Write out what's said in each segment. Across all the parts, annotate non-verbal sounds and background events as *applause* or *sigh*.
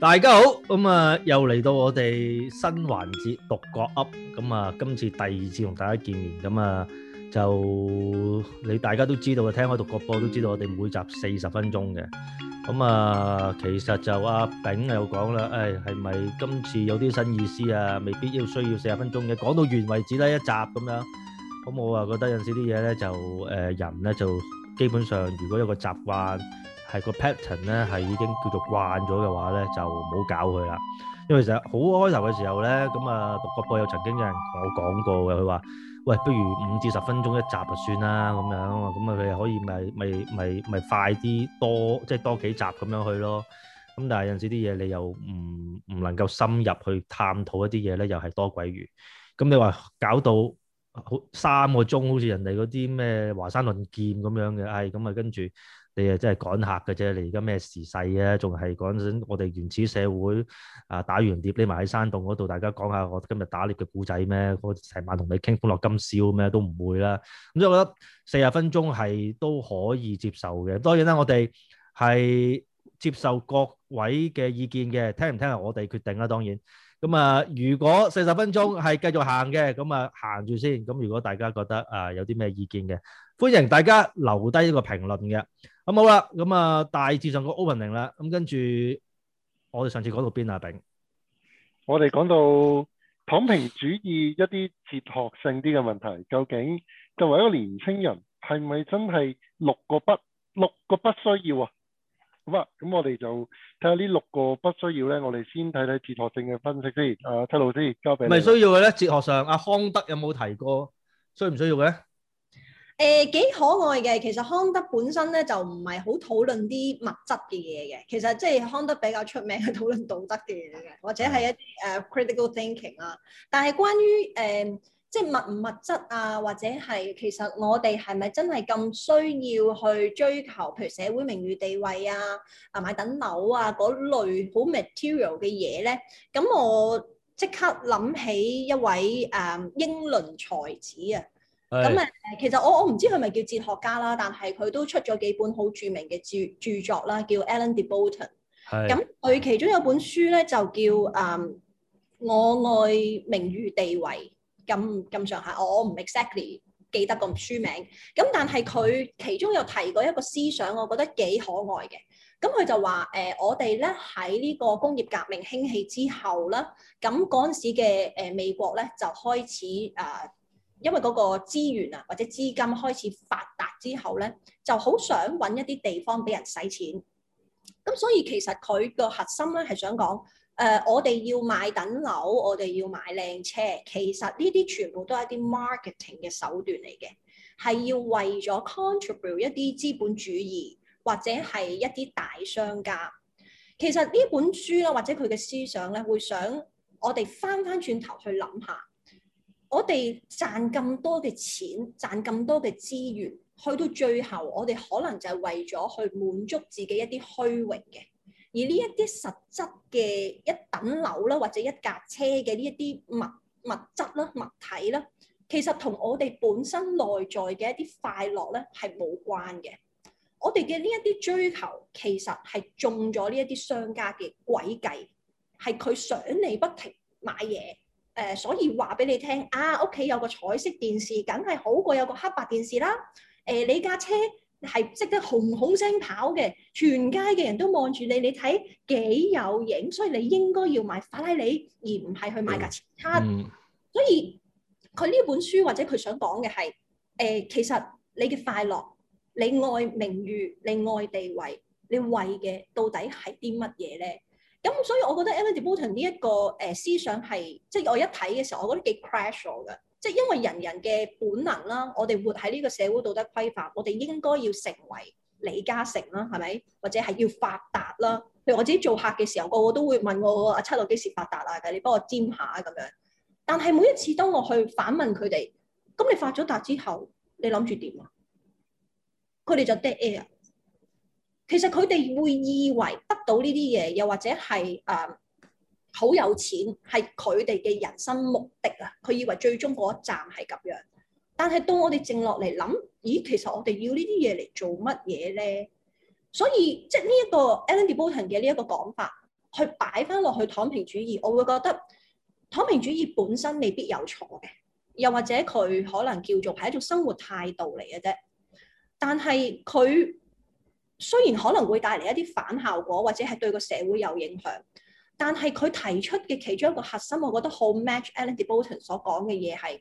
大家好，咁啊又嚟到我哋新環節獨角噏。咁啊今次第二次同大家見面，咁啊就你大家都知道，聽我獨角播都知道我哋每集四十分鐘嘅，咁啊其實就阿炳又講啦，誒係咪今次有啲新意思啊？未必要需要四十分鐘嘅，講到完為止啦一集咁樣，咁我啊覺得有陣時啲嘢咧就誒人咧就基本上如果有一個習慣。係個 pattern 咧，係已經叫做慣咗嘅話咧，就唔好搞佢啦。因為其實好開頭嘅時候咧，咁啊，獨角播有曾經有人同我講過嘅，佢話：喂，不如五至十分鐘一集就算啦咁樣，咁啊佢可以咪咪咪咪快啲多即係多幾集咁樣去咯。咁但係有陣時啲嘢你又唔唔能夠深入去探討一啲嘢咧，又係多鬼餘。咁你話搞到好三個鐘，好似人哋嗰啲咩華山論劍咁樣嘅，唉，咁啊，跟住。你啊，真係趕客㗎啫。你而家咩時勢啊？仲係講緊我哋原始社會啊，打完碟匿埋喺山洞嗰度，大家講下我今日打獵嘅故仔咩？我成晚同你傾歡樂今宵咩？都唔會啦。咁所以我覺得四十分鐘係都可以接受嘅。當然啦，我哋係接受各位嘅意見嘅，聽唔聽係我哋決定啦。當然咁啊，如果四十分鐘係繼續行嘅，咁啊行住先。咁如果大家覺得啊有啲咩意見嘅，歡迎大家留低呢個評論嘅。咁、嗯、好啦，咁、嗯、啊，大致上個 opening 啦，咁、嗯、跟住我哋上次講到邊啊，炳？我哋講到躺平主義一啲哲學性啲嘅問題，究竟作為一個年青人，係咪真係六個不六個不需要啊？咁啊，咁我哋就睇下呢六個不需要咧，我哋先睇睇哲學性嘅分析先。阿、啊、七老師交，交俾你唔係需要嘅咧，哲學上阿康德有冇提過？需唔需要嘅？誒幾、嗯、可愛嘅，其實康德本身咧就唔係好討論啲物質嘅嘢嘅，其實即係康德比較出名去討論道德嘅嘢嘅，或者係一啲誒、uh, critical thinking 啊。但係關於誒、uh，即係物唔物質啊，或者係其實我哋係咪真係咁需要去追求，譬如社會名譽地位啊、買啊買等樓啊嗰類好 material 嘅嘢咧？咁我即刻諗起一位誒、um，英倫才子啊！咁誒、嗯，其實我我唔知佢係咪叫哲學家啦，但係佢都出咗幾本好著名嘅著著作啦，叫 Alain de Botton。咁佢是的 其中有本書咧就叫誒、嗯、我愛名譽地位咁咁上下，我唔 exactly 記得個書名。咁但係佢其中有提過一個思想，我覺得幾可愛嘅。咁佢就話誒、呃，我哋咧喺呢個工業革命興起之後啦，咁嗰陣時嘅誒、呃、美國咧就開始啊～、呃因為嗰個資源啊，或者資金開始發達之後咧，就好想揾一啲地方俾人使錢。咁所以其實佢個核心咧係想講，誒、呃、我哋要買等樓，我哋要買靚車。其實呢啲全部都係一啲 marketing 嘅手段嚟嘅，係要為咗 contribute 一啲資本主義或者係一啲大商家。其實呢本書啦，或者佢嘅思想咧，會想我哋翻翻轉頭去諗下。我哋賺咁多嘅錢，賺咁多嘅資源，去到最後，我哋可能就係為咗去滿足自己一啲虛榮嘅。而呢一啲實質嘅一層樓啦，或者一架車嘅呢一啲物物質啦、物體啦，其實同我哋本身內在嘅一啲快樂呢係冇關嘅。我哋嘅呢一啲追求，其實係中咗呢一啲商家嘅詭計，係佢想你不停買嘢。誒、呃，所以話俾你聽，啊，屋企有個彩色電視，梗係好過有個黑白電視啦。誒、呃，你架車係識得轟轟聲跑嘅，全街嘅人都望住你，你睇幾有型，所以你應該要買法拉利，而唔係去買架車。嗯嗯、所以佢呢本書或者佢想講嘅係，誒、呃，其實你嘅快樂，你愛名譽，你愛地位，你為嘅到底係啲乜嘢咧？咁、嗯、所以我覺得 Alain de Botton 呢一個誒、呃、思想係，即係我一睇嘅時候，我覺得幾 crash 嘅，即係因為人人嘅本能啦，我哋活喺呢個社會道德規範，我哋應該要成為李嘉誠啦，係咪？或者係要發達啦？譬如我自己做客嘅時候，個個都會問我：阿七路幾時發達啊？嘅，你幫我尖下啊咁樣。但係每一次當我去反問佢哋，咁你發咗達之後，你諗住點啊？佢哋就 dead air。其實佢哋會以為得到呢啲嘢，又或者係誒好有錢，係佢哋嘅人生目的啊！佢以為最終嗰一站係咁樣。但係到我哋靜落嚟諗，咦，其實我哋要呢啲嘢嚟做乜嘢咧？所以即係呢一個 *noise* Alain de Botton 嘅呢一個講法，去擺翻落去躺平主義，我會覺得躺平主義本身未必有錯嘅，又或者佢可能叫做係一種生活態度嚟嘅啫。但係佢，雖然可能會帶嚟一啲反效果，或者係對個社會有影響，但係佢提出嘅其中一個核心，我覺得好 match Alain de Botton 所講嘅嘢係，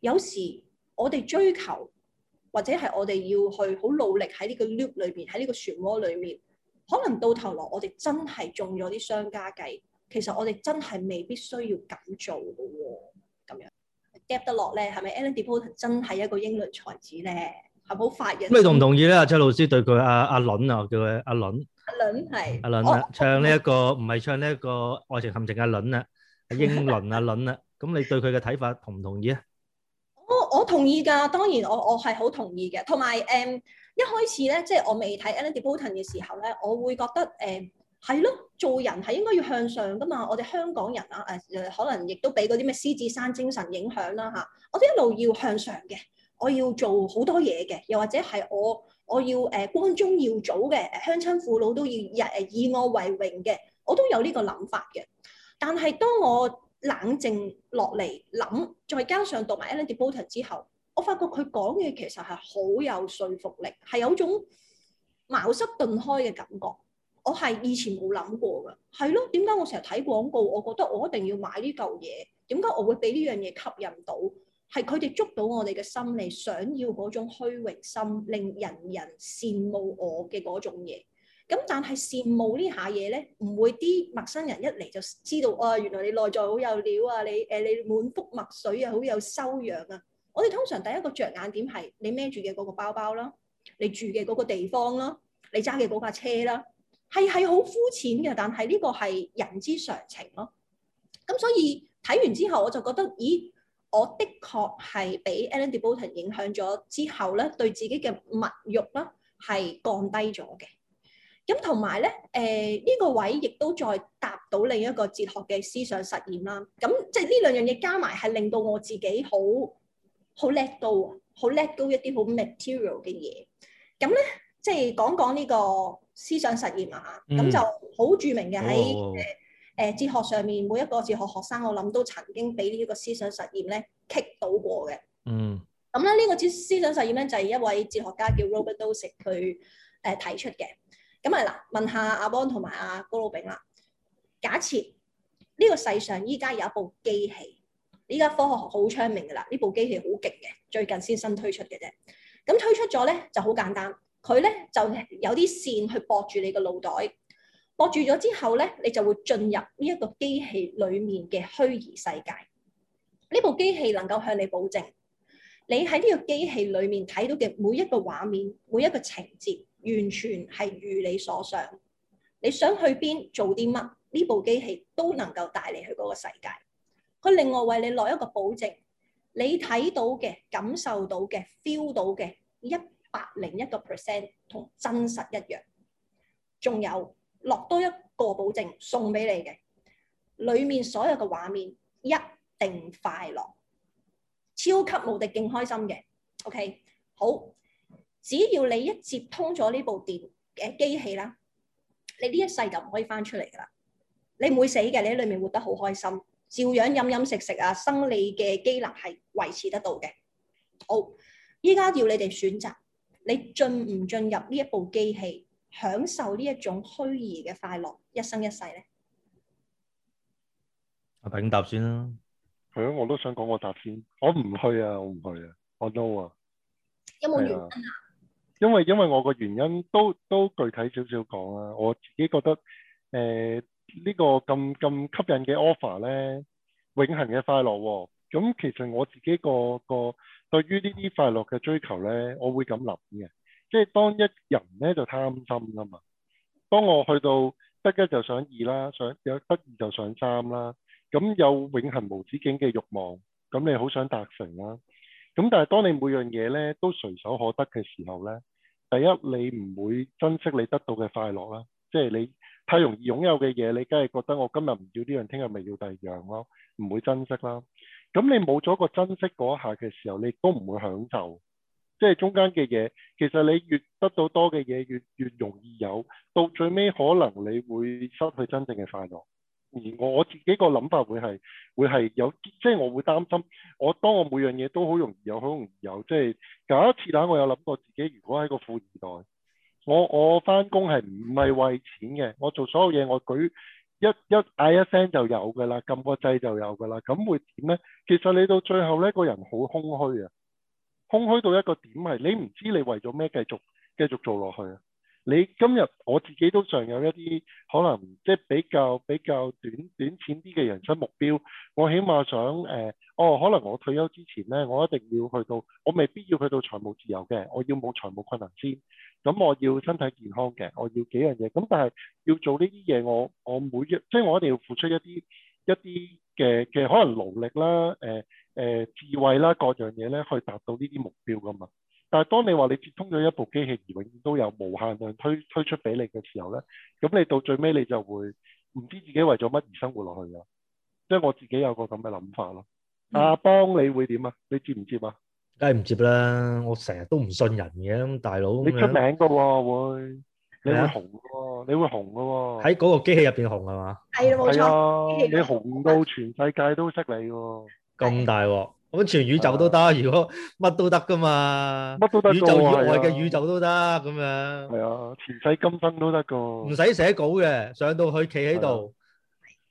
有時我哋追求或者係我哋要去好努力喺呢個 loop 裏邊，喺呢個漩渦裏面，可能到頭來我哋真係中咗啲商家計，其實我哋真係未必需要咁做嘅喎、哦。咁樣夾得落咧，係咪 Alain de Botton 真係一個英倫才子咧？咁你同唔同意咧？阿張老師對佢阿阿倫啊，叫佢阿倫，阿倫係阿、啊、倫啊倫，唱呢、這、一個唔係唱呢一個愛情陷阱阿倫啊，阿英倫阿倫 *laughs* 啊，咁你對佢嘅睇法同唔同意啊？我我同意㗎，當然我我係好同意嘅，同埋誒一開始咧，即、就、係、是、我未睇 Alain de Botton 嘅時候咧，我會覺得誒係咯，做人係應該要向上㗎嘛，我哋香港人啊誒，可能亦都俾嗰啲咩獅子山精神影響啦吓，我哋一路要向上嘅。我要做好多嘢嘅，又或者係我我要誒、呃、光宗耀祖嘅，誒鄉親父老都要日誒、呃、以我為榮嘅，我都有呢個諗法嘅。但係當我冷靜落嚟諗，再加上讀埋 Ellen DeGeneres 之後，我發覺佢講嘢其實係好有說服力，係有種茅塞頓開嘅感覺。我係以前冇諗過㗎，係咯？點解我成日睇廣告，我覺得我一定要買呢舊嘢？點解我會俾呢樣嘢吸引到？係佢哋捉到我哋嘅心理，想要嗰種虛榮心，令人人羨慕我嘅嗰種嘢。咁但係羨慕呢下嘢咧，唔會啲陌生人一嚟就知道啊、哦！原來你內在好有料啊！你誒、呃、你滿腹墨水啊，好有修養啊！我哋通常第一個着眼點係你孭住嘅嗰個包包啦，你住嘅嗰個地方啦，你揸嘅嗰架車啦，係係好膚淺嘅。但係呢個係人之常情咯。咁所以睇完之後，我就覺得，咦？我的確係俾 Alain de Botton 影響咗之後咧，對自己嘅物欲啦係降低咗嘅。咁同埋咧，誒呢、呃這個位亦都再達到另一個哲學嘅思想實驗啦。咁即係呢兩樣嘢加埋，係令到我自己好好叻到好叻到一啲好 material 嘅嘢。咁咧，即係講講呢個思想實驗啊吓，咁就好著名嘅喺誒哲學上面每一個哲學學生，我諗都曾經俾呢一個思想實驗咧棘到過嘅。嗯。咁咧呢個哲思想實驗咧，就係、是、一位哲學家叫 Robert Nozick 佢誒提出嘅。咁啊嗱，問下阿邦同埋阿高老炳啦。假設呢、呢個世上依家有一部機器，依家科學好昌明噶啦，呢部機器好勁嘅，最近先新推出嘅啫。咁推出咗咧就好簡單，佢咧就有啲線去駁住你個腦袋。我住咗之後咧，你就會進入呢一個機器裡面嘅虛擬世界。呢部機器能夠向你保證，你喺呢個機器裡面睇到嘅每一個畫面、每一個情節，完全係如你所想。你想去邊做啲乜？呢部機器都能夠帶你去嗰個世界。佢另外為你落一個保證，你睇到嘅、感受到嘅、feel 到嘅一百零一個 percent 同真實一樣，仲有。落多一個保證送俾你嘅，裏面所有嘅畫面一定快樂，超級無敵勁開心嘅。OK，好，只要你一接通咗呢部電嘅機器啦，你呢一世就唔可以返出嚟噶啦，你唔會死嘅，你喺裏面活得好開心，照樣飲飲食食啊，生理嘅機能係維持得到嘅。好，依家要你哋選擇，你進唔進入呢一部機器？享受呢一種虛擬嘅快樂，一生一世咧。阿炳答先啦，係啊，我都想講我答先，我唔去啊，我唔去啊，我 no 啊。有冇原因啊？因為因為我個原因都都具體少少講啊。我自己覺得，誒、呃、呢、這個咁咁吸引嘅 offer 咧，永恆嘅快樂喎、哦。咁、嗯、其實我自己個個對於呢啲快樂嘅追求咧，我會咁諗嘅。即係當一人咧就貪心啦嘛。當我去到得一就想二啦，想有得二就想三啦。咁有永恆無止境嘅慾望，咁你好想達成啦。咁但係當你每樣嘢咧都隨手可得嘅時候咧，第一你唔會珍惜你得到嘅快樂啦。即係你太容易擁有嘅嘢，你梗係覺得我今日唔要呢樣，聽日咪要第二樣咯，唔會珍惜啦。咁你冇咗個珍惜嗰一下嘅時候，你都唔會享受。即係中間嘅嘢，其實你越得到多嘅嘢，越越容易有，到最尾可能你會失去真正嘅快樂。而我自己個諗法會係會係有，即係我會擔心我。我當我每樣嘢都好容易有，好容易有，即係假設啦，我有諗過自己如果係個富二代，我我翻工係唔係為錢嘅？我做所有嘢，我舉一一嗌一聲就有㗎啦，撳個掣就有㗎啦，咁會點呢？其實你到最後呢個人好空虛啊。空虛到一個點係，你唔知你為咗咩繼續繼續做落去啊！你今日我自己都仲有一啲可能，即係比較比較短短淺啲嘅人生目標。我起碼想誒、呃，哦，可能我退休之前咧，我一定要去到，我未必要去到財務自由嘅，我要冇財務困難先。咁我要身體健康嘅，我要幾樣嘢。咁但係要做呢啲嘢，我我每日即係我一定要付出一啲一啲嘅嘅可能勞力啦，誒、呃、誒、呃、智慧啦，各樣嘢咧去達到呢啲目標噶嘛。但係當你話你接通咗一部機器而永遠都有無限量推推出俾你嘅時候咧，咁你到最尾你就會唔知自己為咗乜而生活落去啊。即係我自己有個咁嘅諗法咯。嗯、阿邦，你會點啊？你接唔接啊？梗係唔接啦！我成日都唔信人嘅，咁大佬。你出名噶喎、啊，會你會紅噶喎，你會紅噶喎，喺嗰個機器入邊紅係嘛？係啊，冇錯，你紅到全世界都識你噶，咁大喎，咁全宇宙都得，如果乜都得噶嘛，乜都得，宇宙以外嘅宇宙都得咁樣。係啊，前世今生都得噶，唔使寫稿嘅，上到去企喺度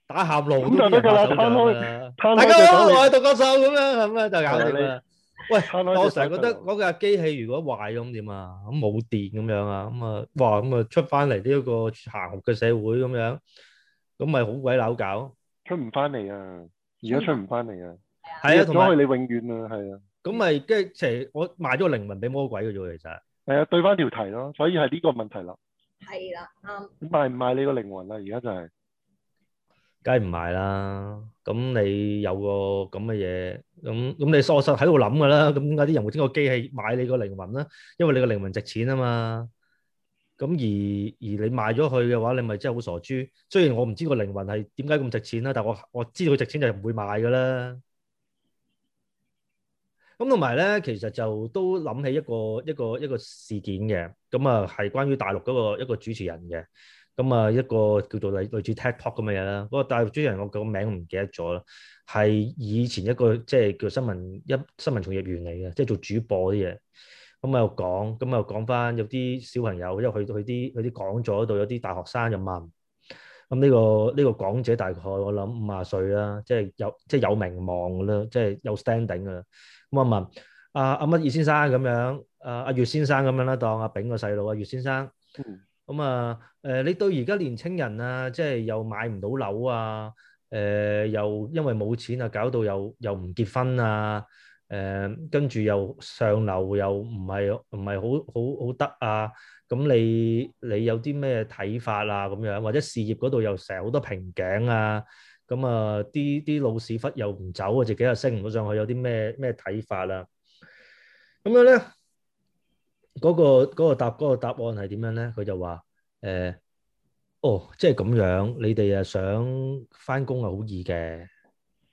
打咸勞，咁就都夠啦。攤開，攤開，大家好，我係獨角獸咁樣，咁樣就搞掂啦。喂，我成日覺得嗰架機器如果壞咁點啊？咁冇電咁樣啊？咁啊，哇咁啊出翻嚟呢一個殘酷嘅社會咁樣，咁咪好鬼扭搞？出唔翻嚟啊！而家出唔翻嚟啊！係啊，同埋你永遠啊，係啊。咁咪即係，我賣咗個靈魂俾魔鬼嘅啫，其實。係啊，對翻條題咯，所以係呢個問題咯。係啦，啱。賣唔賣你個靈魂啊？而家就係。梗係唔買啦！咁你有個咁嘅嘢，咁咁你確實喺度諗噶啦。咁點解啲人會整個機器買你個靈魂咧？因為你個靈魂值錢啊嘛。咁而而你賣咗佢嘅話，你咪真係好傻豬。雖然我唔知個靈魂係點解咁值錢啦，但係我我知道佢值錢就唔會賣噶啦。咁同埋咧，其實就都諗起一個一個一個事件嘅。咁啊，係關於大陸嗰個一個主持人嘅。咁啊，一個叫做類類似 tech talk 咁嘅嘢啦。嗰個大陸主持人，我個名唔記得咗啦。係以前一個即係叫做新聞一新聞從業員嚟嘅，即係做主播啲嘢。咁又講，咁又講翻有啲小朋友，因為去去啲去啲講座嗰度，有啲大學生就問。咁呢個呢個講者大概我諗五廿歲啦，即係有即係有名望啦，即係有 standing 啊。咁啊，問阿阿乜葉先生咁樣，誒阿葉先生咁樣啦，當阿炳個細路啊，葉先生。咁啊，誒、嗯，你對而家年青人啊，即係又買唔到樓啊，誒、呃，又因為冇錢啊，搞到又又唔結婚啊，誒、呃，跟住又上樓又唔係唔係好好好得啊，咁、嗯、你你有啲咩睇法啊？咁樣或者事業嗰度又成日好多瓶頸啊，咁啊，啲啲老屎忽又唔走，自己又升唔到上去，有啲咩咩睇法啊？咁樣咧？嗰、嗰個、嗰個答、嗰個答案係點樣咧？佢就話：誒、欸，哦，即係咁樣，你哋啊想返工啊好易嘅，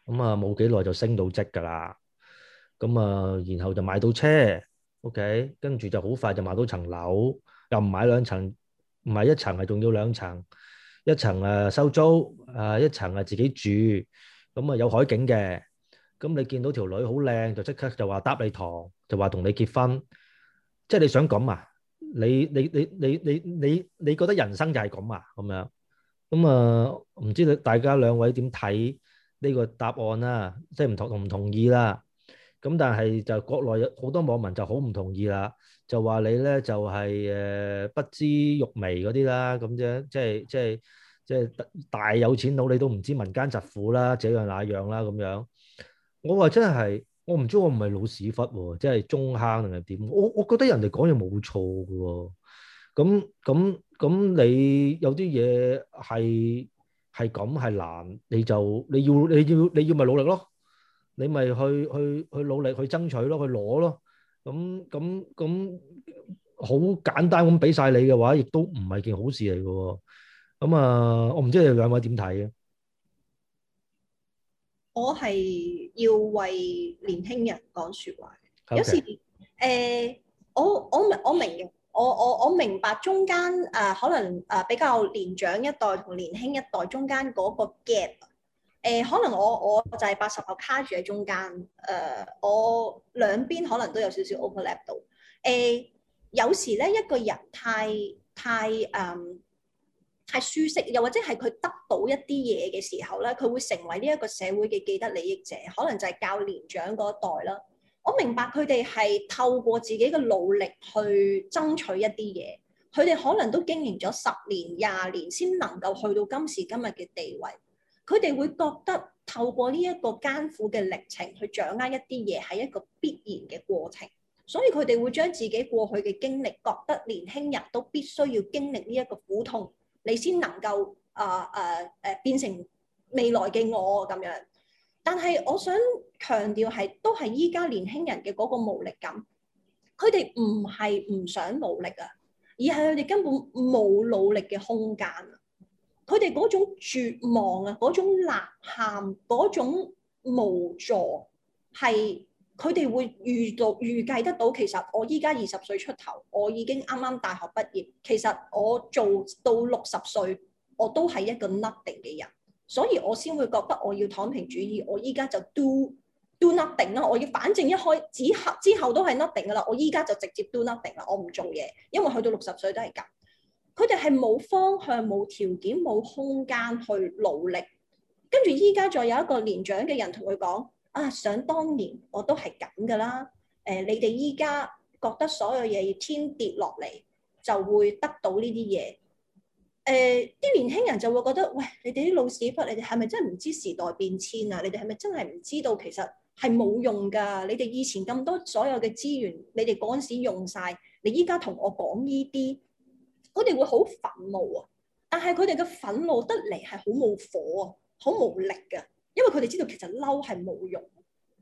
咁啊冇幾耐就升到職㗎喇，咁啊然後就買到車，OK，跟住就好快就買到層樓，又唔買兩層，唔係一層係仲要兩層，一層啊收租，啊一層啊自己住，咁啊有海景嘅，咁你見到條女好靚，就即刻就話搭你堂，就話同你結婚。即係你想咁啊？你你你你你你你覺得人生就係咁啊？咁樣咁啊？唔、嗯、知道大家兩位點睇呢個答案啦、啊？即係唔同唔同意啦。咁但係就國內有好多網民就好唔同意啦，就話你咧就係、是、誒不知肉味嗰啲啦，咁樣即係即係即係大有錢佬你都唔知民間疾苦啦，這樣那樣啦咁樣。我話真係。我唔知我唔係老屎忽喎，即係中坑定係點？我我覺得人哋講嘢冇錯㗎喎、啊。咁咁咁，你有啲嘢係係咁係難，你就你要你要你要咪努力咯，你咪去去去，去努力去爭取咯，去攞咯。咁咁咁，好簡單咁俾晒你嘅話，亦都唔係件好事嚟㗎、啊。咁啊，我唔知你兩位點睇嘅？我係要為年輕人講説話。Okay. 有時誒、呃，我我我明白，我我我明白中間誒、呃、可能誒比較年長一代同年輕一代中間嗰個 gap，誒、呃、可能我我就係八十後卡住喺中間，誒、呃、我兩邊可能都有少少 overlap 到，誒、呃、有時咧一個人太太誒。Um, 太舒適，又或者係佢得到一啲嘢嘅時候咧，佢會成為呢一個社會嘅既得利益者，可能就係教年長嗰一代啦。我明白佢哋係透過自己嘅努力去爭取一啲嘢，佢哋可能都經營咗十年、廿年先能夠去到今時今日嘅地位。佢哋會覺得透過呢一個艱苦嘅歷程去掌握一啲嘢係一個必然嘅過程，所以佢哋會將自己過去嘅經歷覺得年輕人都必須要經歷呢一個苦痛。你先能夠啊啊誒變成未來嘅我咁樣，但係我想強調係都係依家年輕人嘅嗰個無力感，佢哋唔係唔想努力啊，而係佢哋根本冇努力嘅空間啊，佢哋嗰種絕望啊，嗰種吶喊，嗰種無助係。佢哋會預到預計得到，其實我依家二十歲出頭，我已經啱啱大學畢業。其實我做到六十歲，我都係一個 nothing 嘅人，所以我先會覺得我要躺平主義。我依家就 do do nothing 啦，我要反正一開始之後之後都係 nothing 噶啦。我依家就直接 do nothing 啦，我唔做嘢，因為去到六十歲都係咁。佢哋係冇方向、冇條件、冇空間去努力。跟住依家再有一個年長嘅人同佢講。啊！想當年我都係咁噶啦。誒、呃，你哋依家覺得所有嘢要天跌落嚟就會得到呢啲嘢。誒、呃，啲年輕人就會覺得，喂，你哋啲老屎忽，你哋係咪真係唔知時代變遷啊？你哋係咪真係唔知道其實係冇用噶？你哋以前咁多所有嘅資源，你哋嗰時用晒，你依家同我講呢啲，佢哋會好憤怒啊！但係佢哋嘅憤怒得嚟係好冇火啊，好無力噶。因為佢哋知道其實嬲係冇用，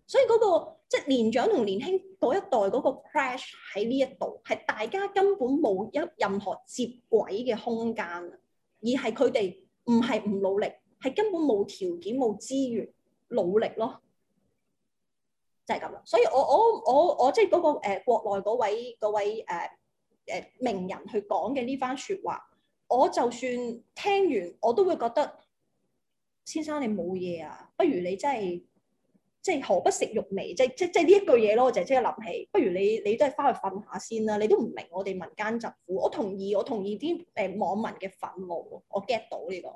所以嗰、嗰個即係、即係、年長同年輕嗰一代嗰個 crash 喺呢一度，係大家根本冇一任何接軌嘅空間，而係佢哋唔係唔努力，係根本冇條件冇資源努力咯，就係咁啦。所以我我我我即係嗰個誒、呃、國內嗰位嗰位誒誒、呃、名人去講嘅呢番說話，我就算聽完，我都會覺得。先生你冇嘢啊，不如你真係即係何不食肉糜？即即即呢一句嘢咯，就即刻諗起。不如你你都係翻去瞓下先啦，你都唔明我哋民間疾苦。我同意，我同意啲誒、呃、網民嘅憤怒，我 get 到呢、這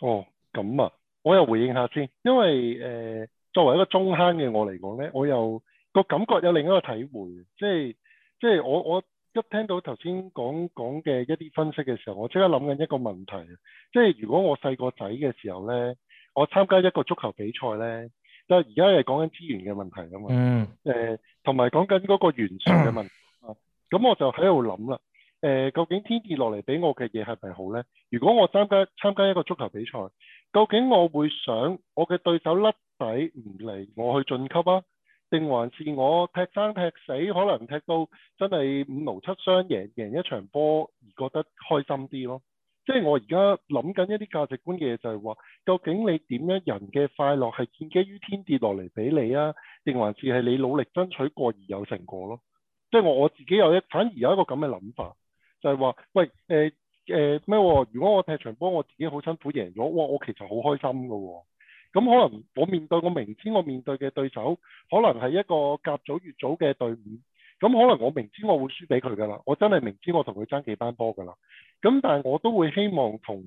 個。哦，咁啊，我又回應下先，因為誒、呃、作為一個中坑嘅我嚟講咧，我又、那個感覺有另一個體會，即係即係我我。我一聽到頭先講講嘅一啲分析嘅時候，我即刻諗緊一個問題，即係如果我細個仔嘅時候呢，我參加一個足球比賽呢，但係而家係講緊資源嘅問題啊嘛，誒同埋講緊嗰個元素嘅問題啊，咁、嗯、我就喺度諗啦，誒、呃、究竟天跌落嚟畀我嘅嘢係咪好呢？如果我參加參加一個足球比賽，究竟我會想我嘅對手甩底唔嚟，我去晉級啊？定還是我踢生踢死，可能踢到真係五勞七傷贏贏一場波而覺得開心啲咯。即係我而家諗緊一啲價值觀嘅嘢，就係話究竟你點樣人嘅快樂係建基於天跌落嚟俾你啊？定還是係你努力爭取過而有成果咯？即係我我自己有一反而有一個咁嘅諗法，就係、是、話喂誒誒咩？如果我踢場波我自己好辛苦贏咗，哇！我其實好開心㗎喎、哦。咁可能我面對我明知我面對嘅對手，可能係一個甲組、乙組嘅隊伍。咁可能我明知我會輸俾佢㗎啦。我真係明知我同佢爭幾班波㗎啦。咁但係我都會希望同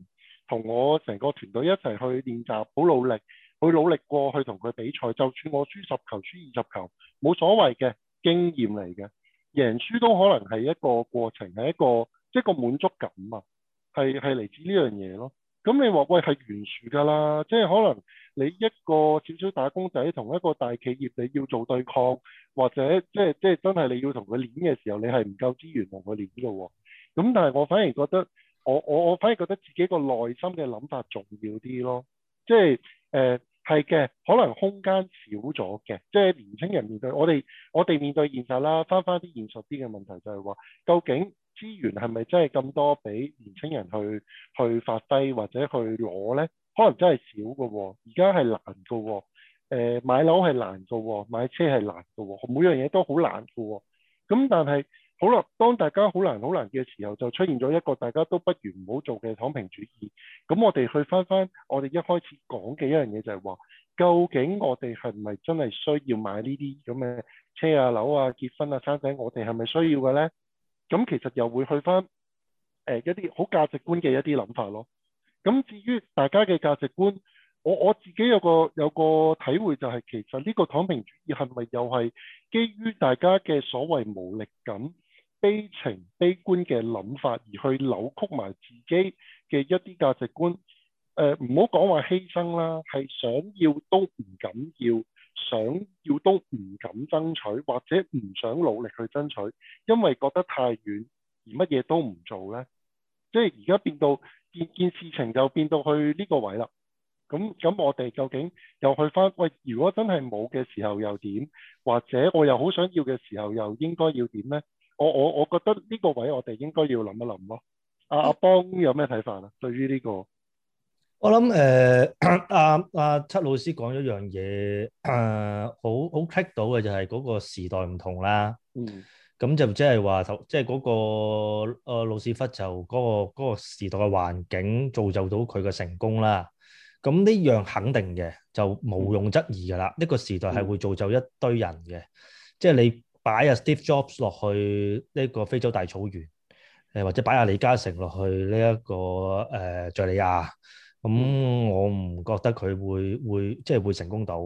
同我成個團隊一齊去練習，好努力，去努力過去同佢比賽。就算我輸十球、輸二十球，冇所謂嘅經驗嚟嘅，贏輸都可能係一個過程，係一個即係個滿足感啊，係係嚟自呢樣嘢咯。咁你話喂，係懸殊㗎啦，即係可能你一個小小打工仔同一個大企業你要做對抗，或者即係即係真係你要同佢捋嘅時候，你係唔夠資源同佢捋嘅喎。咁、嗯、但係我反而覺得我我我反而覺得自己個內心嘅諗法重要啲咯。即係誒係嘅，可能空間少咗嘅。即係年輕人面對我哋我哋面對現實啦，返返啲現實啲嘅問題就係話究竟。資源係咪真係咁多俾年青人去去發揮或者去攞呢？可能真係少㗎喎，而家係難㗎喎，誒、呃、買樓係難㗎喎，買車係難㗎喎，每樣嘢都難、哦、好難㗎。咁但係好啦，當大家好難好難嘅時候，就出現咗一個大家都不如唔好做嘅躺平主義。咁我哋去返返我哋一開始講嘅一樣嘢就係話，究竟我哋係咪真係需要買呢啲咁嘅車啊、樓啊、結婚啊、生仔？我哋係咪需要嘅呢？咁其實又會去翻誒、呃、一啲好價值觀嘅一啲諗法咯。咁至於大家嘅價值觀，我我自己有個有個體會就係，其實呢個躺平主義係咪又係基於大家嘅所謂無力感、悲情、悲觀嘅諗法，而去扭曲埋自己嘅一啲價值觀？誒，唔好講話犧牲啦，係想要都唔敢要。想要都唔敢爭取，或者唔想努力去爭取，因為覺得太遠而乜嘢都唔做呢？即係而家變到件件事情就變到去呢個位啦。咁咁，我哋究竟又去翻？喂，如果真係冇嘅時候又點？或者我又好想要嘅時候又應該要點呢？我我我覺得呢個位我哋應該要諗一諗咯、啊。阿、啊、阿邦有咩睇法啊？對於呢、這個？我諗誒，阿、呃、阿、啊啊、七老師講咗一樣嘢，誒、呃，好好 click 到嘅就係、是、嗰個時代唔同啦。嗯，咁就即係話，即係嗰、那個誒，魯斯福就嗰、那個嗰、那個時代嘅環境造就到佢嘅成功啦。咁呢樣肯定嘅，就毋庸質疑噶啦。呢、嗯、個時代係會造就一堆人嘅，即、就、係、是、你擺阿 Steve Jobs 落去呢個非洲大草原，誒、呃，或者擺阿李嘉誠落去呢、這、一個誒，敘、呃、利亞。咁我唔覺得佢會會即係會成功到。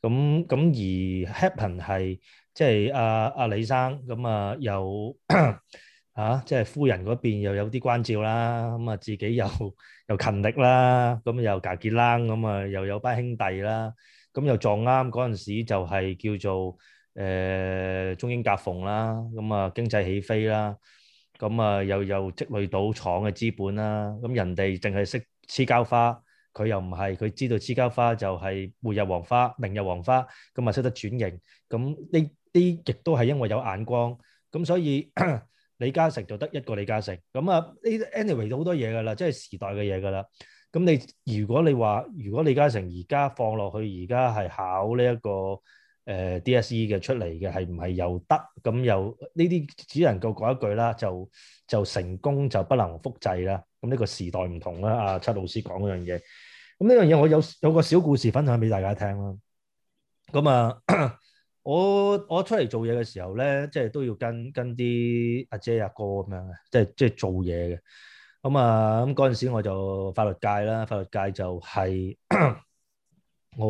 咁咁而 happen 係即係阿阿李生咁啊，又嚇即係夫人嗰邊又有啲關照啦。咁啊自己又又勤力啦，咁又格結冷咁啊又有班兄弟啦。咁又撞啱嗰陣時就係叫做誒中英夾縫啦。咁啊經濟起飛啦。咁啊又又積累到廠嘅資本啦。咁人哋淨係識黐膠花，佢又唔係佢知道黐膠花就係末日黃花，明日黃花，咁啊識得轉型，咁呢啲亦都係因為有眼光，咁所以李嘉誠就得一個李嘉誠。咁啊呢 anyway 都好多嘢㗎啦，即係時代嘅嘢㗎啦。咁你如果你話如果李嘉誠而家放落去而家係考呢一個誒 DSE 嘅出嚟嘅係唔係又得？咁又呢啲只能夠講一句啦，就就成功就不能複製啦。咁呢個時代唔同啦，阿七老師講嗰樣嘢。咁呢樣嘢我有有個小故事分享俾大家聽啦。咁、嗯、啊，我我出嚟做嘢嘅時候咧，即係都要跟跟啲阿姐阿哥咁樣嘅，即係即係做嘢嘅。咁、嗯、啊，咁嗰陣時我就法律界啦，法律界就係好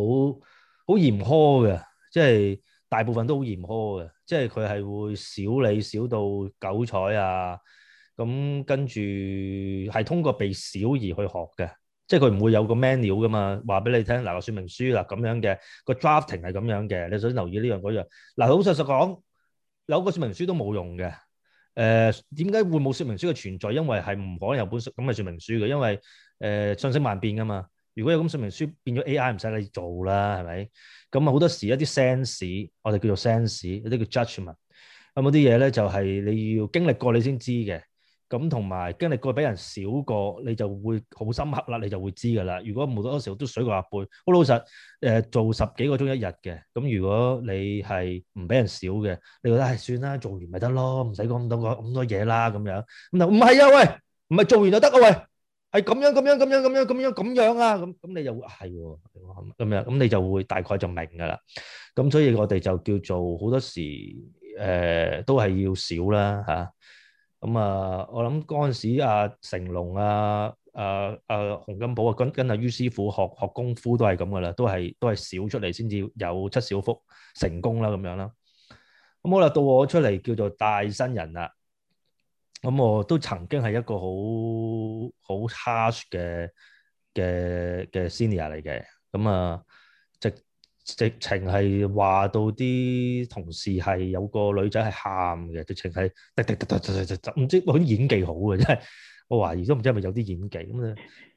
好嚴苛嘅，即係大部分都好嚴苛嘅，即係佢係會少你少到九彩啊。咁、嗯、跟住係通過被小而去學嘅，即係佢唔會有個 menu 噶嘛，話俾你聽嗱個說明書啦，咁樣嘅個 drafting 係咁樣嘅，你首先留意呢樣嗰樣嗱。老老實實講，有個說明書都冇用嘅。誒、呃，點解會冇說明書嘅存在？因為係唔可能有本咁嘅說明書嘅，因為誒瞬息萬變噶嘛。如果有咁說明書變咗 A.I. 唔使你做啦，係咪？咁啊好多時一啲 sense，我哋叫做 sense，有啲叫 judgement，咁啲嘢咧就係、是、你要經歷過你先知嘅。咁同埋經歷過俾人少過，你就會好深刻啦，你就會知噶啦。如果好多時都水過鴨背，好老實誒，做十幾個鐘一日嘅。咁如果你係唔俾人少嘅，你覺得誒算啦，做完咪得咯，唔使講咁多咁多嘢啦。咁樣咁就唔係啊，喂，唔係做完就得啊，喂，係咁樣咁樣咁樣咁樣咁樣咁樣啊，咁咁你又係喎，咁樣咁你就會大概就明噶啦。咁所以我哋就叫做好多時誒，都係要少啦嚇。咁、嗯、啊，我諗嗰陣時阿成龍啊，誒、啊、誒、啊、洪金寶啊，跟跟阿于師傅學學功夫都係咁噶啦，都係都係少出嚟先至有七小福成功啦咁樣啦。咁、嗯、好啦，到我出嚟叫做大新人啦。咁、嗯、我都曾經係一個好好 hard 嘅嘅嘅 senior 嚟嘅。咁啊。直情係話到啲同事係有個女仔係喊嘅，直情係滴滴滴滴滴滴滴，唔知揾演技好嘅真係，我懷疑都唔知係咪有啲演技咁啊！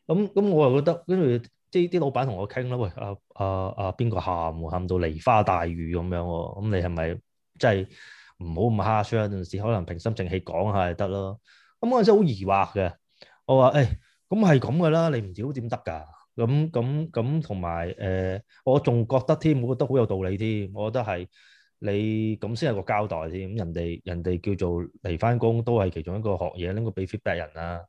咁、嗯、咁、嗯嗯、我又覺得，跟住即係啲啲老闆同我傾啦，喂啊啊啊邊個喊？喊到梨花帶雨咁樣喎！咁、嗯嗯、你係咪即係唔好咁蝦傷啊？有陣時可能平心靜氣講下就得咯。咁、嗯嗯、我真係好疑惑嘅。我話誒，咁係咁㗎啦，你唔屌點得㗎？咁咁咁同埋誒，我仲覺得添，我覺得好有道理添。我覺得係你咁先有個交代添。咁人哋人哋叫做嚟翻工都係其中一個學嘢，拎個俾 feedback 人啦、啊。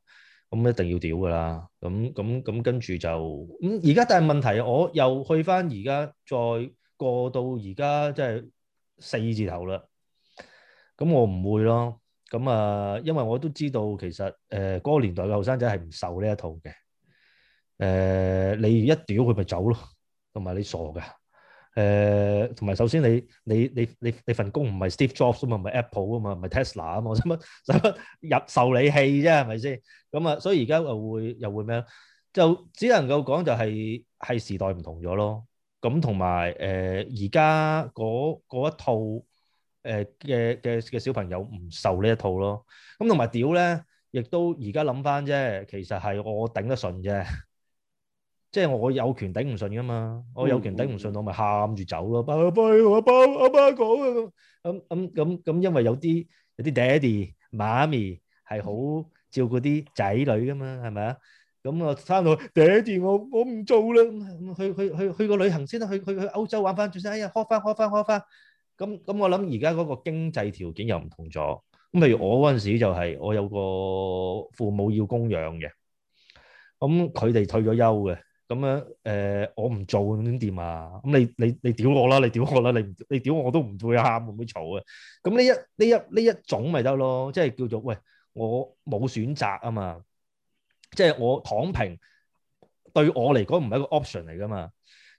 咁、嗯、一定要屌噶啦。咁咁咁跟住就咁。而、嗯、家但係問題，我又去翻而家，再過到而家即係四字頭啦。咁、嗯、我唔會咯。咁、嗯、啊，因為我都知道其實誒嗰、呃嗰個年代嘅後生仔係唔受呢一套嘅。誒，你一屌佢咪走咯，同埋你傻噶，誒，同埋首先你你你你你份工唔係 Steve Jobs 啊嘛，唔係 Apple 啊嘛，唔係 Tesla 啊嘛，使乜使乜入受你氣啫，係咪先？咁啊，所以而家又會又會咩？就只能夠講就係係時代唔同咗咯，咁同埋誒，而家嗰嗰一套誒嘅嘅嘅小朋友唔受呢一套咯，咁同埋屌咧，亦都而家諗翻啫，其實係我頂得順啫。即係我有權頂唔順噶嘛，我有權頂唔順，我咪喊住走咯。爸爸要同阿爸阿爸講啊咁咁咁咁，因為有啲有啲爹哋媽咪係好照顧啲仔女噶嘛，係咪啊？咁我翻到爹哋，我我唔做啦，去去去去個旅行先啦，去去去歐洲玩翻轉先。哎呀，開翻開翻開翻。咁咁我諗而家嗰個經濟條件又唔同咗。咁例如我嗰陣時就係我有個父母要供養嘅，咁佢哋退咗休嘅。咁樣誒，我唔做咁點啊？咁你你你屌我啦，你屌我啦，你你屌我你你我都唔會喊，會唔會嘈啊？咁呢一呢一呢一種咪得咯，即係叫做喂，我冇選擇啊嘛，即係我躺平對我嚟講唔係一個 option 嚟噶嘛。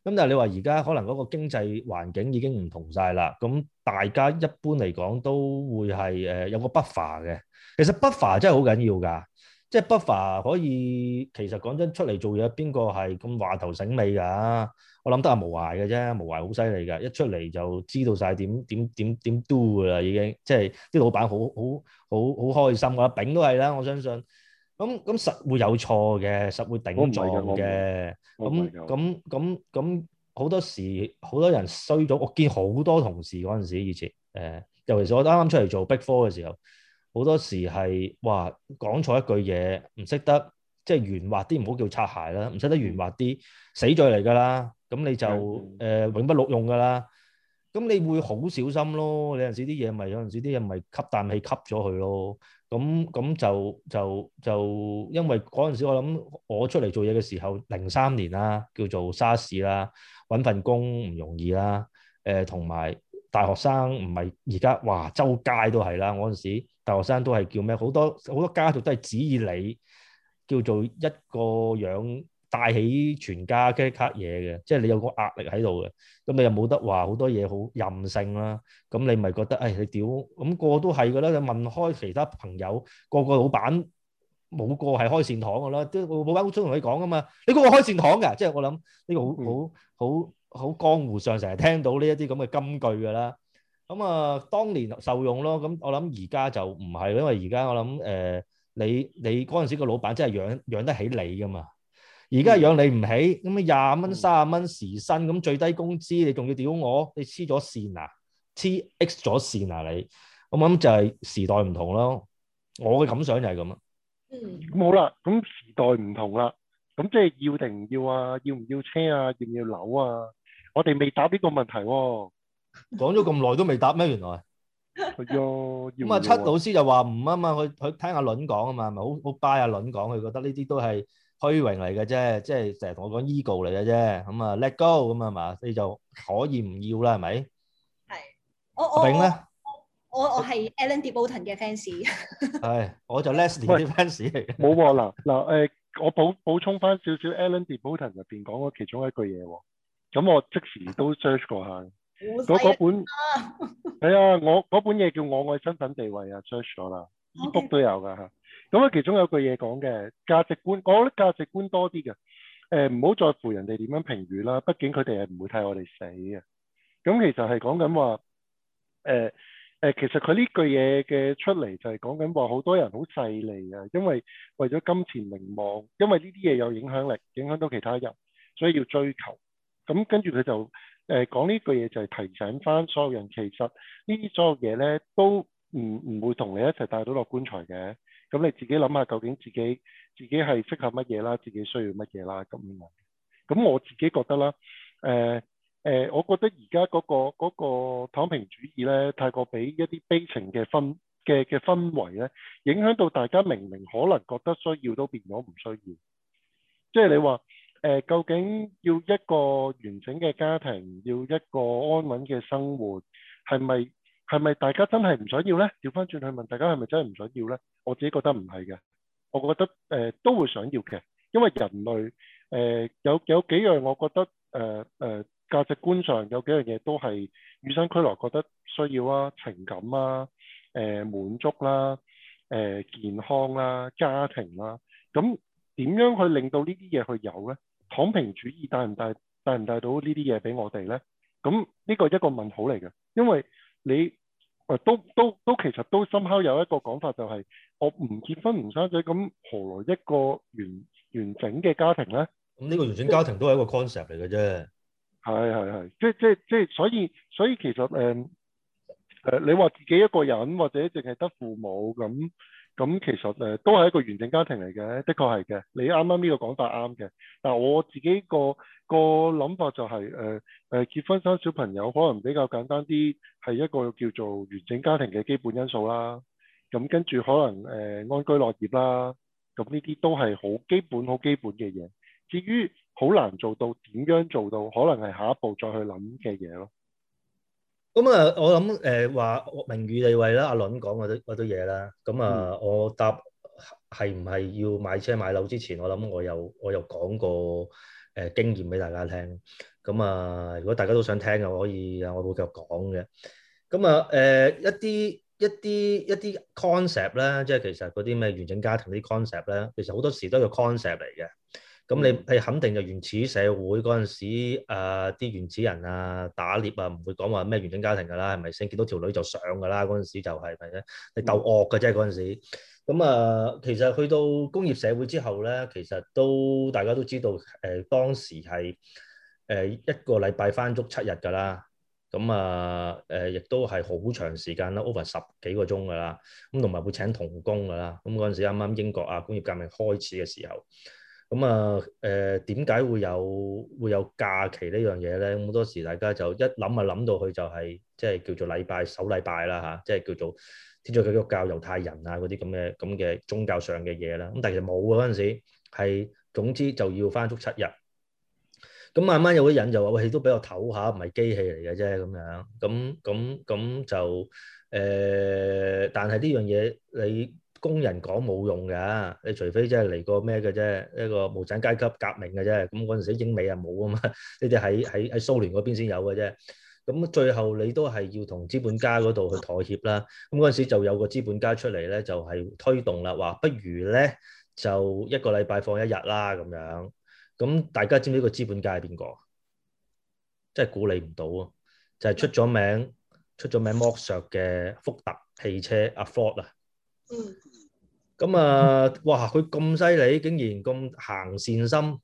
咁但係你話而家可能嗰個經濟環境已經唔同晒啦，咁大家一般嚟講都會係誒、呃、有個 buffer 嘅。其實 buffer、er、真係好緊要噶。即係不 u 可以，其實講真出嚟做嘢，邊個係咁話頭醒尾㗎、啊？我諗得係無懷嘅啫，無懷好犀利㗎，一出嚟就知道晒點點點點 do 㗎啦，已經即係啲老闆好好好好開心㗎，炳都係啦，我相信。咁咁實會有錯嘅，實會頂罪嘅。咁咁咁咁好多時，好多人衰咗。我見好多同事嗰陣時以前，誒、呃，尤其是我啱啱出嚟做 big 科嘅時候。好多時係哇，講錯一句嘢唔識得即係圓滑啲，唔好叫擦鞋啦，唔識得圓滑啲死罪嚟㗎啦。咁你就誒、呃、永不錄用㗎啦。咁你會好小心咯。你有陣時啲嘢咪有陣時啲嘢咪吸啖氣吸咗佢咯。咁咁就就就因為嗰陣時我諗我出嚟做嘢嘅時候，零三年啦，叫做沙士啦，揾份工唔容易啦。誒，同埋大學生唔係而家哇，周街都係啦。我嗰陣時。大學生都係叫咩？好多好多家族都係指意你叫做一個養帶起全家嘅一卡嘢嘅，即係你有個壓力喺度嘅。咁你又冇得話好多嘢好任性啦。咁你咪覺得誒、哎、你屌咁、那個、個都係噶啦？你問開其他朋友，個個老闆冇個係開善堂嘅啦。都個老闆好中意同你講啊嘛。你嗰個開善堂㗎，即係我諗呢、這個、嗯、好好好好江湖上成日聽到呢一啲咁嘅金句噶啦。咁啊、嗯，當年受用咯。咁、嗯、我諗而家就唔係，因為而家我諗誒、呃，你你嗰陣時個老闆真係養養得起你噶嘛？而家養你唔起，咁啊廿蚊、三十蚊時薪，咁、嗯嗯、最低工資，你仲要屌我？你黐咗線啊！黐 X 咗線啊！你咁諗就係時代唔同咯。我嘅感想就係咁啊。冇咁、嗯嗯嗯、好啦，咁時代唔同啦。咁即係要定唔要啊？要唔要車啊？要唔要樓啊？我哋未答呢個問題喎、啊。講咗咁耐都未答咩？原來係呀。咁啊，七老師就話唔啱啊嘛，佢佢聽阿倫講啊嘛，咪好好 buy 阿倫講，佢覺得呢啲都係虛榮嚟嘅啫，即係成日同我講 ego 嚟嘅啫。咁啊，let go 咁啊嘛，你就可以唔要啦，係咪？係，我我頂啦。我我係 Alain de Botton 嘅 fans。係，我就 Leslie 啲 fans 嚟嘅。冇喎，嗱嗱，誒，我補補充翻少少 Alain de Botton 入邊講嗰其中一句嘢，咁我即時都 search 過下。嗰本係 *laughs* 啊，我嗰本嘢叫我愛身份地位啊，search 咗啦，衣 Okay.、ebook 都有噶吓。咁啊，其中有句嘢講嘅價值觀，我覺得價值觀多啲嘅。誒、呃，唔好在乎人哋點樣評語啦，畢竟佢哋係唔會替我哋死嘅。咁其實係講緊話，誒、呃、誒、呃，其實佢呢句嘢嘅出嚟就係講緊話，好多人好勢利啊，因為為咗金錢名望，因為呢啲嘢有影響力，影響到其他人，所以要追求。咁跟住佢就。誒，講呢句嘢就係提醒翻所有人，其實呢啲所有嘢咧都唔唔會同你一齊帶到落棺材嘅。咁你自己諗下，究竟自己自己係適合乜嘢啦，自己需要乜嘢啦。咁咁我自己覺得啦，誒誒，我覺得而家嗰個嗰個躺平主義咧，太過俾一啲悲情嘅氛嘅嘅氛圍咧，影響到大家明明可能覺得需要都變咗唔需要。即係你話。誒，究竟要一個完整嘅家庭，要一個安穩嘅生活，係咪係咪大家真係唔想要呢？調翻轉去問大家，係咪真係唔想要呢？我自己覺得唔係嘅，我覺得誒都會想要嘅，因為人類誒有有幾樣，我覺得誒誒價值觀上有幾樣嘢都係與生俱來覺得需要啊，情感啊，誒滿足啦，誒健康啦，家庭啦，咁。點樣去令到呢啲嘢去有咧？躺平主義帶唔帶帶唔帶到呢啲嘢俾我哋咧？咁呢個一個問號嚟嘅，因為你誒、呃、都都都其實都深刻有一個講法，就是，就係我唔結婚唔生仔，咁何來一個完完整嘅家庭咧？咁呢個完整家庭都係一個 concept 嚟嘅啫。係係係，即即即所以所以，所以其實誒誒、呃，你話自己一個人或者淨係得父母咁。咁、嗯、其實誒、呃、都係一個完整家庭嚟嘅，的確係嘅。你啱啱呢個講法啱嘅。但我自己個個諗法就係誒誒結婚生小朋友可能比較簡單啲，係一個叫做完整家庭嘅基本因素啦。咁、嗯、跟住可能誒、呃、安居樂業啦，咁呢啲都係好基本好基本嘅嘢。至於好難做到點樣做到，可能係下一步再去諗嘅嘢咯。咁啊，我諗誒話名譽地位啦，阿倫講嗰啲啲嘢啦。咁啊，嗯、我答係唔係要買車買樓之前，我諗我又我又講過誒經驗俾大家聽。咁啊，如果大家都想聽嘅，我可以我會繼續講嘅。咁啊誒，一啲一啲一啲 concept 咧，即係其實嗰啲咩完整家庭啲 concept 咧，其實好多時都係個 concept 嚟嘅。咁你係肯定就原始社會嗰陣時，啲、啊、原始人啊打獵啊，唔會講話咩完整家庭㗎啦，係咪先？見到條女就上㗎啦，嗰陣時就係咪咧？係鬥惡㗎，啫。係嗰陣時。咁啊，其實去到工業社會之後咧，其實都大家都知道，誒、呃、當時係誒、呃、一個禮拜翻足七日㗎啦。咁啊誒，亦、呃、都係好長時間啦，over 十幾個鐘㗎啦。咁同埋會請童工㗎啦。咁嗰陣時啱啱英國啊工業革命開始嘅時候。咁啊，誒點解會有會有假期呢樣嘢咧？咁多時大家就一諗啊諗到佢就係即係叫做禮拜首禮拜啦吓，即、啊、係、就是、叫做天主教、基督教、猶太人啊嗰啲咁嘅咁嘅宗教上嘅嘢啦。咁但其實冇，嗰陣時係總之就要翻足七日。咁慢慢有啲人就話喂，都俾我唞下，唔、啊、係機器嚟嘅啫咁樣。咁咁咁就誒、呃，但係呢樣嘢你。工人講冇用㗎，你除非即係嚟個咩嘅啫？一個無產階級革命嘅啫。咁嗰陣時英美啊冇啊嘛，你哋喺喺喺蘇聯嗰邊先有嘅啫。咁最後你都係要同資本家嗰度去妥協啦。咁嗰陣時就有個資本家出嚟咧，就係、是、推動啦，話不如咧就一個禮拜放一日啦咁樣。咁大家知唔知個資本家係邊個？真係估你唔到啊！就係、是、出咗名出咗名剝削嘅福特汽車阿 Ford 啊。嗯。咁啊，哇！佢咁犀利，竟然咁行善心，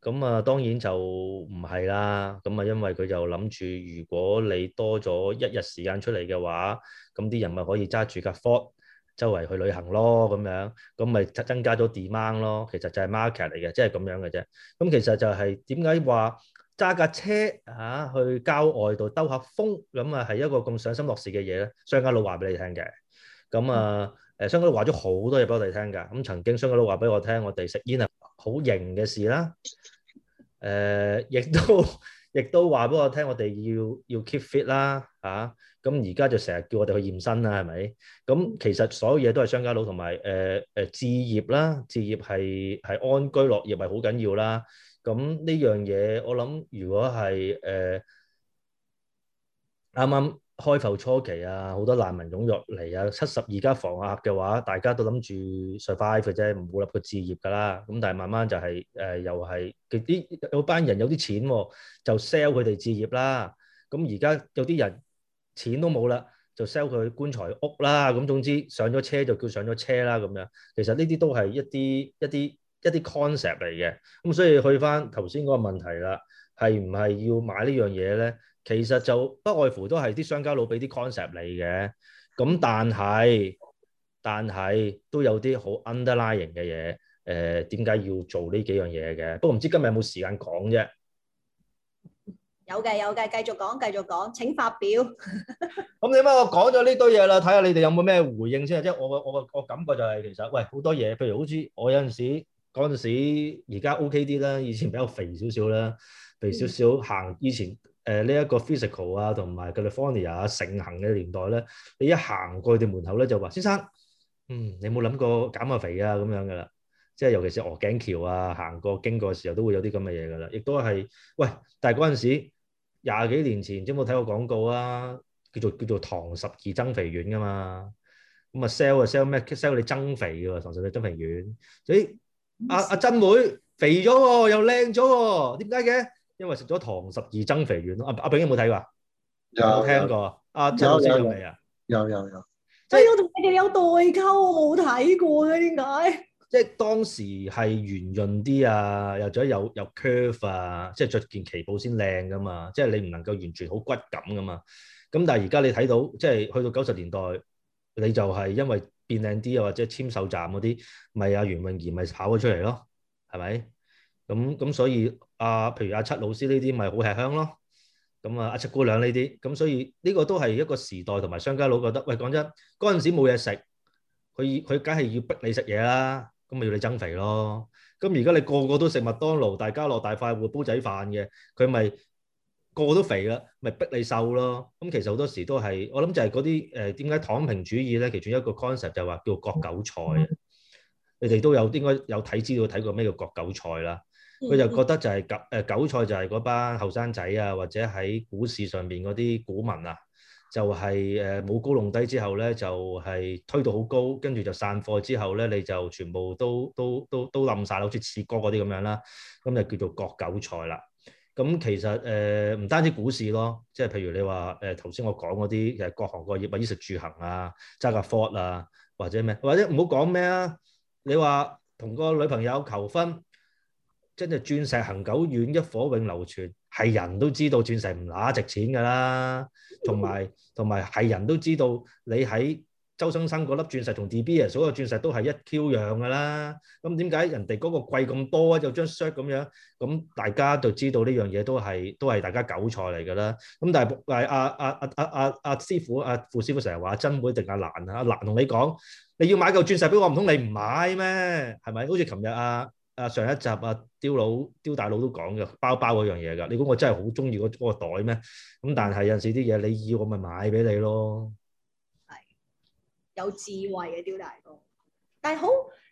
咁啊當然就唔係啦。咁啊，因為佢就諗住，如果你多咗一日時間出嚟嘅話，咁啲人咪可以揸住架 Ford 周圍去旅行咯，咁樣，咁咪增加咗 demand 咯。其實就係 market 嚟嘅，即係咁樣嘅啫。咁其實就係點解話揸架車吓去郊外度兜下風，咁啊係一個咁賞心樂事嘅嘢咧？商家佬話俾你聽嘅，咁啊。誒商家都話咗好多嘢俾我哋聽㗎，咁曾經商家都話俾我聽，呃、我哋食煙係好型嘅事啦。誒，亦都亦都話俾我聽，我哋要要 keep fit 啦、啊，嚇、啊。咁而家就成日叫我哋去驗身啦，係咪？咁、啊、其實所有嘢都係商家佬同埋誒誒置業啦，置業係係安居樂業，係好緊要啦。咁、啊、呢樣嘢，我諗如果係誒啱啱、呃。剛剛開埠初期啊，好多難民湧入嚟啊，七十二家房客嘅話，大家都諗住 survive 嘅啫，冇立個置業㗎啦。咁但係慢慢就係、是、誒、呃，又係啲有班人有啲錢、啊，就 sell 佢哋置業啦。咁而家有啲人錢都冇啦，就 sell 佢棺材屋啦。咁總之上咗車就叫上咗車啦咁樣。其實呢啲都係一啲一啲一啲 concept 嚟嘅。咁所以去翻頭先嗰個問題啦，係唔係要買呢樣嘢咧？其實就不外乎都係啲商家佬俾啲 concept 你嘅，咁但係但係都有啲好 underlying 嘅嘢，誒點解要做呢幾樣嘢嘅？不過唔知今日有冇時間講啫。有嘅有嘅，繼續講繼續講，請發表。咁點解我講咗呢堆嘢啦？睇下你哋有冇咩回應先啊？即係我個我個感覺就係，其實喂好多嘢，譬如好似我有陣時陣時，而家 OK 啲啦，以前比較肥少少啦，肥少少行以前。嗯誒呢一個 physical 啊，同埋 California 啊，盛行嘅年代咧，你一行過佢哋門口咧，就話先生，嗯，你有冇諗過減下肥啊？咁樣噶啦，即係尤其是鵝頸橋啊，行過經過嘅時候都會有啲咁嘅嘢噶啦，亦都係喂。但係嗰陣時廿幾年前，你有冇睇過廣告啊？叫做叫做糖十二增肥丸噶嘛，咁啊 sell 啊 sell 咩 sell 你增肥嘅喎，糖十二增肥丸。誒阿阿珍妹肥咗喎，又靚咗喎，點解嘅？因為食咗糖十二增肥丸咯，啊，阿炳有冇睇過？有，有聽過。阿陳老師未啊？有有有。所以我同你哋有代溝，我冇睇過嘅，點解？即係當時係圓潤啲啊，又仲有有 curve 啊，即係着件旗袍先靚噶嘛，即係你唔能夠完全好骨感噶嘛。咁但係而家你睇到，即係去到九十年代，你就係因為變靚啲，又或者纖瘦站嗰啲，咪，就是，阿袁詠儀咪跑咗出嚟咯，係咪？咁咁所以。啊，譬如阿七老師呢啲咪好吃香咯，咁啊阿七姑娘呢啲，咁所以呢個都係一個時代同埋商家佬覺得，喂講真，嗰陣時冇嘢食，佢佢梗係要逼你食嘢啦，咁咪要你增肥咯。咁而家你個個都食麥當勞，大家樂大快活煲仔飯嘅，佢咪個個都肥啦，咪逼你瘦咯。咁其實好多時都係，我諗就係嗰啲誒點解躺平主義咧，其中一個 concept 就話叫割韭菜，你哋都有應該有睇資料睇過咩叫割韭菜啦。佢就覺得就係、是、九韭菜就係嗰班後生仔啊，或者喺股市上邊嗰啲股民啊，就係誒冇高弄低之後咧，就係、是、推到好高，跟住就散貨之後咧，你就全部都都都都冧晒，好似刺蝟嗰啲咁樣啦、啊，咁就叫做割韭菜啦。咁、嗯、其實誒唔、呃、單止股市咯，即係譬如你話誒頭先我講嗰啲誒各行各業啊，衣食住行啊，揸架貨啊，或者咩，或者唔好講咩啊，你話同個女朋友求婚。跟住鑽石恆久遠，一火永流傳，係人都知道鑽石唔乸值錢噶啦。同埋同埋係人都知道，你喺周生生嗰粒鑽石同 d b 所有鑽石都係一 Q 樣噶啦。咁點解人哋嗰個貴咁多啊？有張 shirt 咁樣，咁大家就知道呢樣嘢都係都係大家韭菜嚟噶啦。咁但係但係阿阿阿阿阿阿師傅阿傅師傅成日話珍會定阿蘭啊，阿蘭同你講，你要買嚿鑽石俾我，唔通你唔買咩？係咪？好似琴日啊。啊，上一集啊，雕佬雕大佬都講嘅包包嗰樣嘢㗎。你估我真係好中意嗰個袋咩？咁但係有陣時啲嘢你要我咪買俾你咯。係有智慧嘅雕大哥，但係好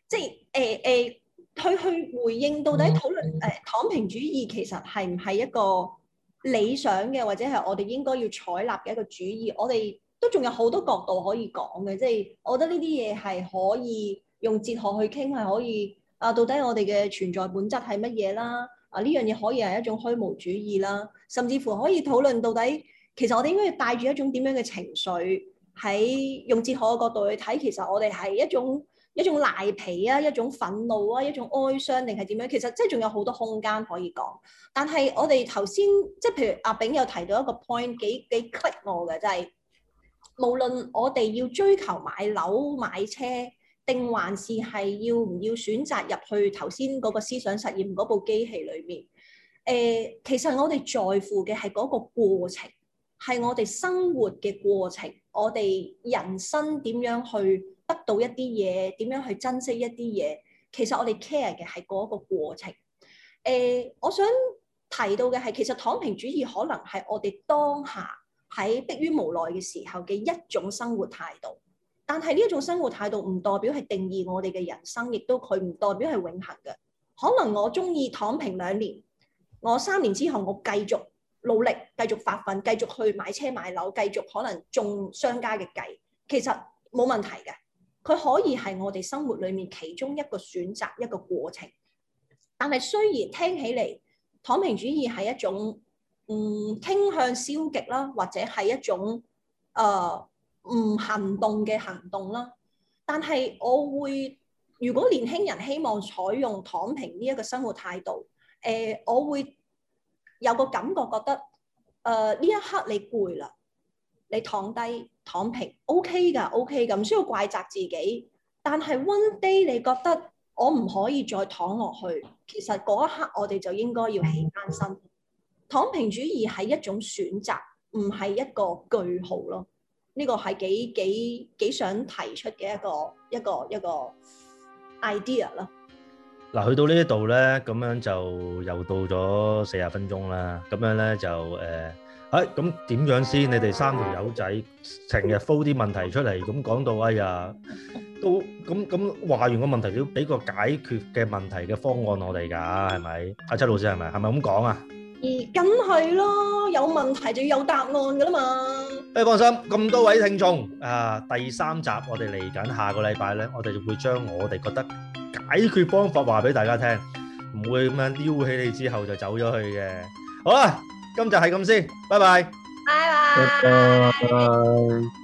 即係誒誒，去、呃、去、呃、回應到底討論誒躺平主義其實係唔係一個理想嘅，或者係我哋應該要採納嘅一個主義？我哋都仲有好多角度可以講嘅，即係我覺得呢啲嘢係可以用哲學去傾，係可以。啊，到底我哋嘅存在本質係乜嘢啦？啊，呢樣嘢可以係一種虛無主義啦，甚至乎可以討論到底，其實我哋應該要帶住一種點樣嘅情緒，喺用哲學嘅角度去睇，其實我哋係一種一種賴皮啊，一種憤怒啊，一種哀傷定係點樣？其實即係仲有好多空間可以講。但係我哋頭先即係譬如阿炳有提到一個 point 幾幾 click 我嘅，就係、是、無論我哋要追求買樓買車。定還是係要唔要選擇入去頭先嗰個思想實驗嗰部機器裏面？誒、呃，其實我哋在乎嘅係嗰個過程，係我哋生活嘅過程，我哋人生點樣去得到一啲嘢，點樣去珍惜一啲嘢。其實我哋 care 嘅係嗰個過程。誒、呃，我想提到嘅係，其實躺平主義可能係我哋當下喺迫於無奈嘅時候嘅一種生活態度。但係呢一種生活態度唔代表係定義我哋嘅人生，亦都佢唔代表係永恆嘅。可能我中意躺平兩年，我三年之後我繼續努力、繼續發奮、繼續去買車買樓、繼續可能中商家嘅計，其實冇問題嘅。佢可以係我哋生活裡面其中一個選擇，一個過程。但係雖然聽起嚟躺平主義係一種嗯傾向消極啦，或者係一種誒、呃唔行動嘅行動啦。但係我會，如果年輕人希望採用躺平呢一個生活態度，誒、呃，我會有個感覺，覺得誒呢、呃、一刻你攰啦，你躺低躺平，OK 噶，OK 咁，唔需要怪責自己。但係 one day 你覺得我唔可以再躺落去，其實嗰一刻我哋就應該要起翻身。躺平主義係一種選擇，唔係一個句號咯。呢個係幾幾幾想提出嘅一個一個一個 idea 咯。嗱，去到呢一度咧，咁樣就又到咗四十分鐘啦。咁樣咧就誒，哎，咁點樣先？你哋三條友仔成日 follow 啲問題出嚟，咁講到哎呀，都咁咁話完個問題，要俾個解決嘅問題嘅方案我哋㗎，係咪？阿七老師係咪？係咪咁講啊？而梗係咯，有問題就要有答案㗎啦嘛。誒，放心，咁多位聽眾啊，第三集我哋嚟緊下個禮拜咧，我哋就會將我哋覺得解決方法話俾大家聽，唔會咁樣撩起你之後就走咗去嘅。好啦，今集係咁先，拜拜，拜拜。